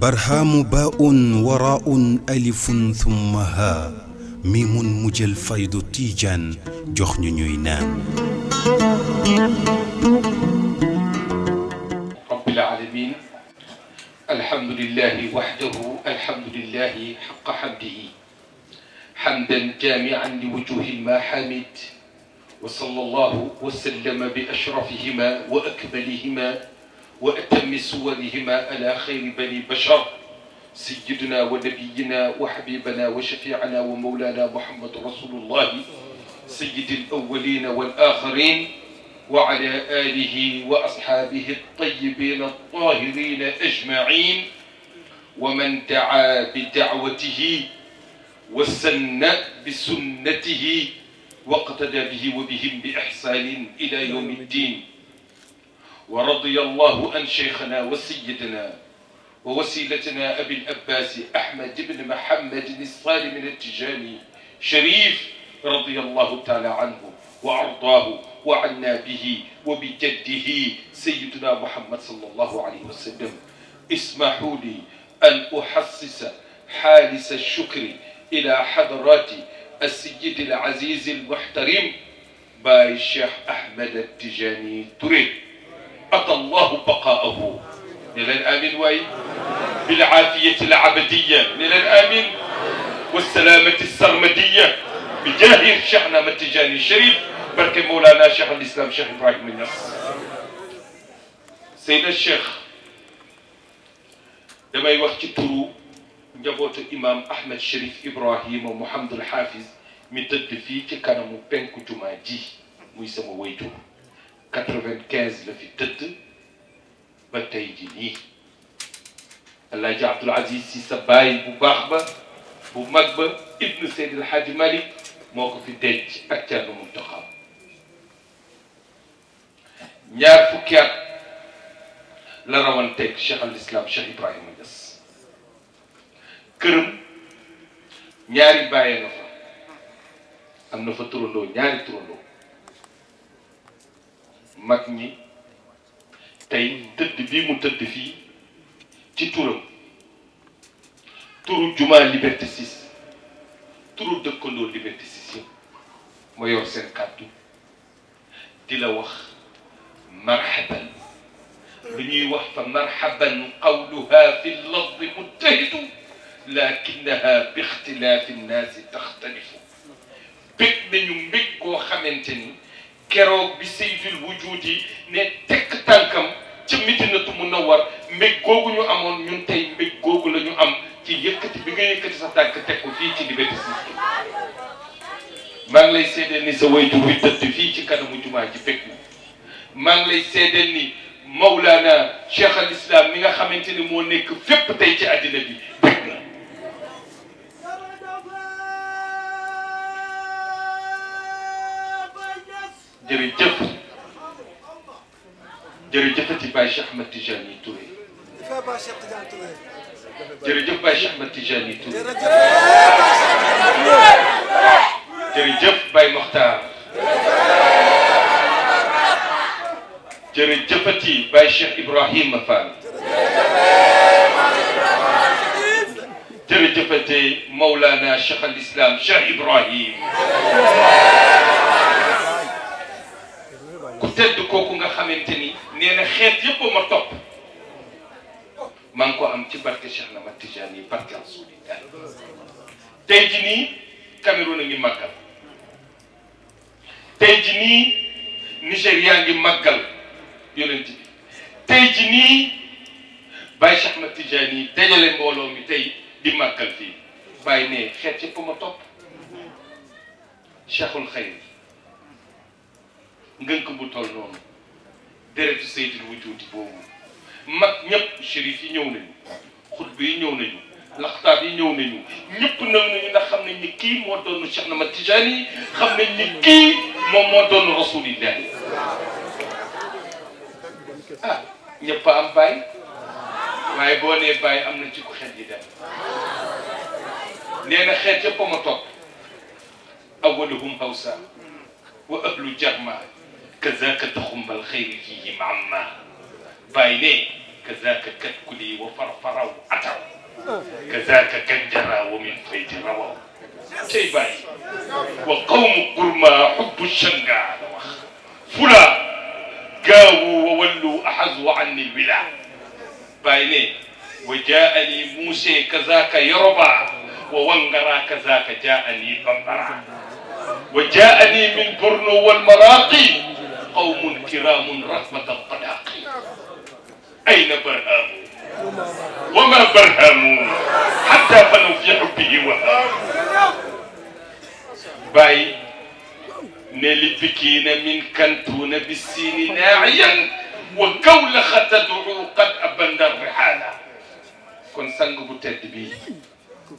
برهام باء وراء ألف ثم ها ميم مجل فيض تيجان جخن نينان رب العالمين الحمد لله وحده الحمد لله حق حمده حمدا جامعا لوجوه المحامد وصلى الله وسلم بأشرفهما وأكملهما وأتم سورهما على خير بني بشر سيدنا ونبينا وحبيبنا وشفيعنا ومولانا محمد رسول الله سيد الأولين والآخرين وعلى آله وأصحابه الطيبين الطاهرين أجمعين ومن دعا بدعوته وسن بسنته واقتدى به وبهم بإحسان إلى يوم الدين ورضي الله عن شيخنا وسيدنا ووسيلتنا أبي الأباس أحمد بن محمد الصالح من التجاني شريف رضي الله تعالى عنه وأرضاه وعنا به وبجده سيدنا محمد صلى الله عليه وسلم اسمحوا لي أن أحسس حالس الشكر إلى حضرات السيد العزيز المحترم باي الشيخ أحمد التجاني تريد أتى الله بقاءه الى الآمن وين بالعافية العبدية الى الآمن والسلامة السرمدية بجاه شيخنا نعم التجاني الشريف بركة مولانا شيخ الإسلام شيخ إبراهيم النص سيدنا الشيخ damay wax ترو njabootu imam Ahmed Chérif Ibrahima Mouhamadul Hafiz mi tëdd fii ci kanamu penku jumaa ji muy sama wayjur 95 la fi tëdd ba tey ji nii Alaaji Abdul Aziz si sa baay bu baax ba bu mag ba ibnu Seydil Hadji Malick moo ko fi denc ak Thierno Mountakha ñaar fukki at la rawanteeg Cheikh al Islam Cheikh Ibrahima Niass كرم نياري باي نفا امنا فترولو نياري ترولو مكني تاي تد بي مو تد في تي تورم تورو جمعة ليبرتيسيس تورو دكولو ليبرتيسيس ما يور سين كاتو دي وخ مرحبا لني وحف مرحبا قولها في اللفظ متهد lakinnaha bi ixtilaafi nnaasi taxtalifu bég nañu mbég koo xamante ni keroog bi sayfil wujuudi ne tekk tànkam ci Madinatu Munawwara mbég googu ñu amoon ñun tey mbég googu la ñu am ci yëkkati bi nga yëkkati sa tànk teg ko fii ci Liberté 6 maa ngi lay seedeel ni sa wayjur wi tëdd fii ci kanamu jumaa ji fekk maa ngi lay seedeel ni Mawlana Cheikh al Islam mi nga xamante ni moo nekk fépp tey ci Baye Cheikh Ahmed Tidiane Touré jërëjëf Baye Cheikh Ahmed Tidiane Touré jërëjëf Baye Mokhtar jërëjëfati Baye Cheikh Ibrahima Fall jërëjëfati Mawlana Cheikh al Islam Cheikh Ibrahim xeet yépp ma topp maa ngi ko am ci barke Cheikh na ma Tijaan yi barke Rasulillahi tey ji nii Cameroun a ngi màggal tey ji nii Nigéria ngi màggal yonent bi tey ji nii Baye Cheikh na Tijaan yi dajale mbooloo mi tey di màggal fii bàyyi ne xeet yépp ma topp Cheikhul Xayr ngënk bu toll noonu deret Seydil Wujuudi boobu mag ñëpp shérif yi ñëw nañu xutba yi ñëw nañu laxtaab yi ñëw nañu ñëpp ñëw nañu ndax xam nañ ni kii moo doon Cheikh Ahmad Tijaani yi xam nañ ni kii moom moo doon Rasulillah ah ñëpp a am bàyyi waaye boo nee bàyyi am na ci ku xel yi dem nee na xeet yëpp a ma topp awaluhum hawsa wa ahlu jarmaa كذاك تخم الخير فيه معمى بايني كذاك كتكلي وفرفر وعطر كذاك كنجرة ومن فيج روى شي باي وقوم قرما حب الشنقا فلا جاووا وولوا أحزوا عني الولا بايني وجاءني موسى كذاك يربع وونغرا كذاك جاءني بمبرا وجاءني من برنو والمراقي قوم كرام رحمة الطلاق أين برهام وما برهام حتى فلو في حبه وهام باي نالي بكين من كنتون بالسين ناعيا وكولخة تدعو قد أبند الرحالة كن سنغ بتدبي بي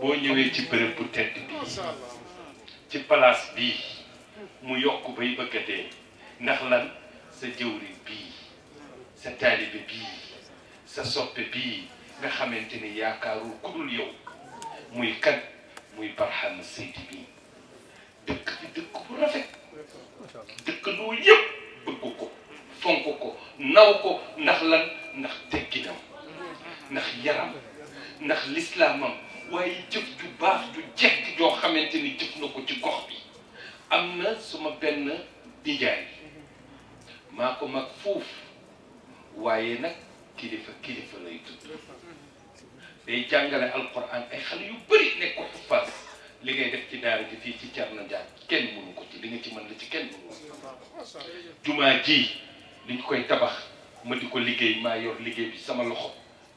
boo ñëwee ci bërëb bu tedd bii ci ndax lan sa jëwri bii sa taalibe bii sa soppe bii nga xamante ni yaakaarul ku dul yow muy kan muy barxam seydi bii dëkk bi dëkk bu rafet dëkk loolu yëpp bëgg ko fonk ko naw ko ndax lan ndax tegginam ndax yaram ndax lislaamam waaye jëf ju baax ju jekk joo xamante ni jëf na ko ci gox bi am na suma benn dijaay maa ko mag foofu waaye nag kilifa kilifa lay tudd day jàngale alquran ay xale yu bëri nekk ko faas li ngay def ci daara ji fii ci na Ndiaye kenn mënu ko ci li nga ci mën la ci kenn mënu ko jumaa ji liñ koy tabax ma di ko liggéey maa yor liggéey bi sama loxo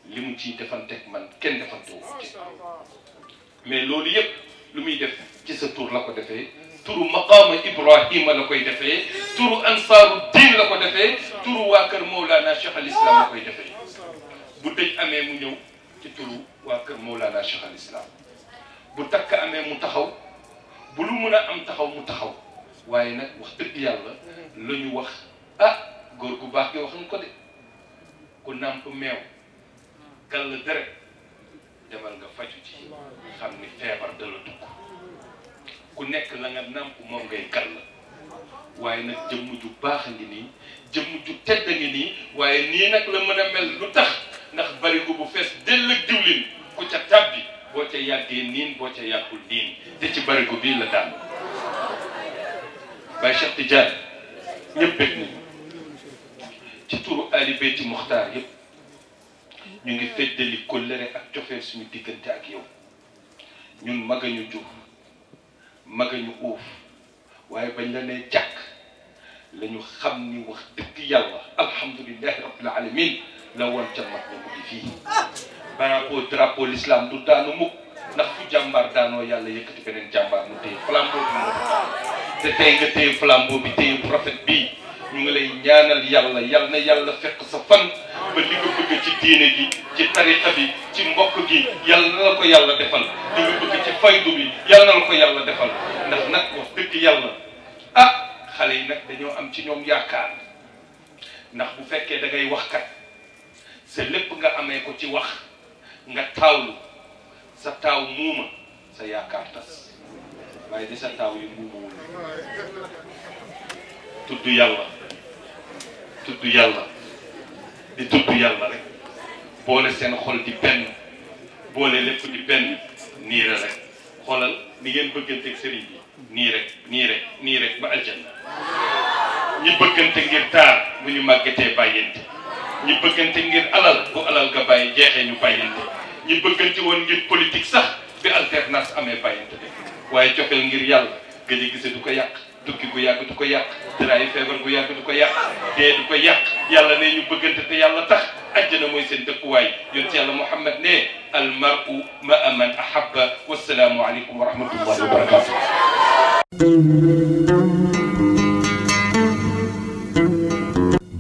li mu ciy defanteeg man kenn defantewu ko ci mais loolu yëpp lu muy def ci sa tur la ko defee turu maqaama Ibrahima la koy defee turu ansaaru waa kër Mawlana Cheikh al Islam moo koy defee bu dëj amee mu ñëw ci turu waa kër Mawlana Cheikh al Islam bu takk amee mu taxaw bu lu mun a am taxaw mu taxaw waaye nag wax dëgg yàlla la ñu wax ah góor gu baax gi wax nga ko de ku nàmp meew gàll deret demal nga faju ci xam ni feebar dala dugg ku nekk la nga nàmp moom ngay gàll waaye nag jëmm ju baax a ngi nii jëmm ju tedd a ngi nii waaye nii nag la mën a mel lu tax ndax barigo bu fees dell ak diwlin ku ca tàbbi boo ca yàggee niin boo ca yàggul niin te ci barigo bii la daan Baye Cheikh Tidiane ñëpp bég nañu ci turu Ali Beyti Muxtaar yëpp ñu ngi feddali kóllëre ak cofeel suñu diggante ak yow ñun mag a ñu jur mag a ñu uuf waaye bañ la nee jàkk la ñu xam ni wax dëgg yàlla alhamdulilahi rabbil alamin la woon ca mag na guddi fii par rapport drapeau l'islam du daanu mukk ndax fu jàmbaar daanoo yàlla yëkkati beneen jàmbaar mu téye flambeau bi mu te tey nga téye flambeau bi téye bu rafet bii ñu ngi lay ñaanal yàlla yal na yàlla fekk sa fan ba li nga bëgg ci diine gi ci tariqa bi ci mbokk gi yàlla na la ko yàlla defal li nga bëgg ci faydu bi yàlla na la ko yàlla defal ndax nag wax dëgg yàlla ah xalé nak nag dañoo am ci ñoom yaakaar ndax bu fekke da ngay kat sa lepp nga amé ko ci wax nga tawlu sa taw muuma sa yaakaar tas way di sa yu muuma wu tuddu yalla tuddu yalla di tuddu yalla rek boole seen xol di benn boole lepp di benn nii rek xolal ni ngeen ak sëriñ bi nii rek nii rek nii rek ba aljanna ñi bëggante ngir taar bu ñu màggatee bàyyante ñi bëggante ngir alal bu alal nga bàyyi jeexee ñu bàyyante ñi bëggante woon ngir politique sax bi alternance amee bàyyante de waaye cofeel ngir yàlla gëj a du ko yàq tukki gu yàgg du ko yàq tëraayu feebar gu yàgg du ko yàq dee du ko yàq yàlla ne ñu bëggante te yàlla tax àjjana mooy seen dëkkuwaay yonent yàlla Muhammad ne al mar'u ma aman ahabba wassalaamu aleykum wa rahmatullahi wa barakatuh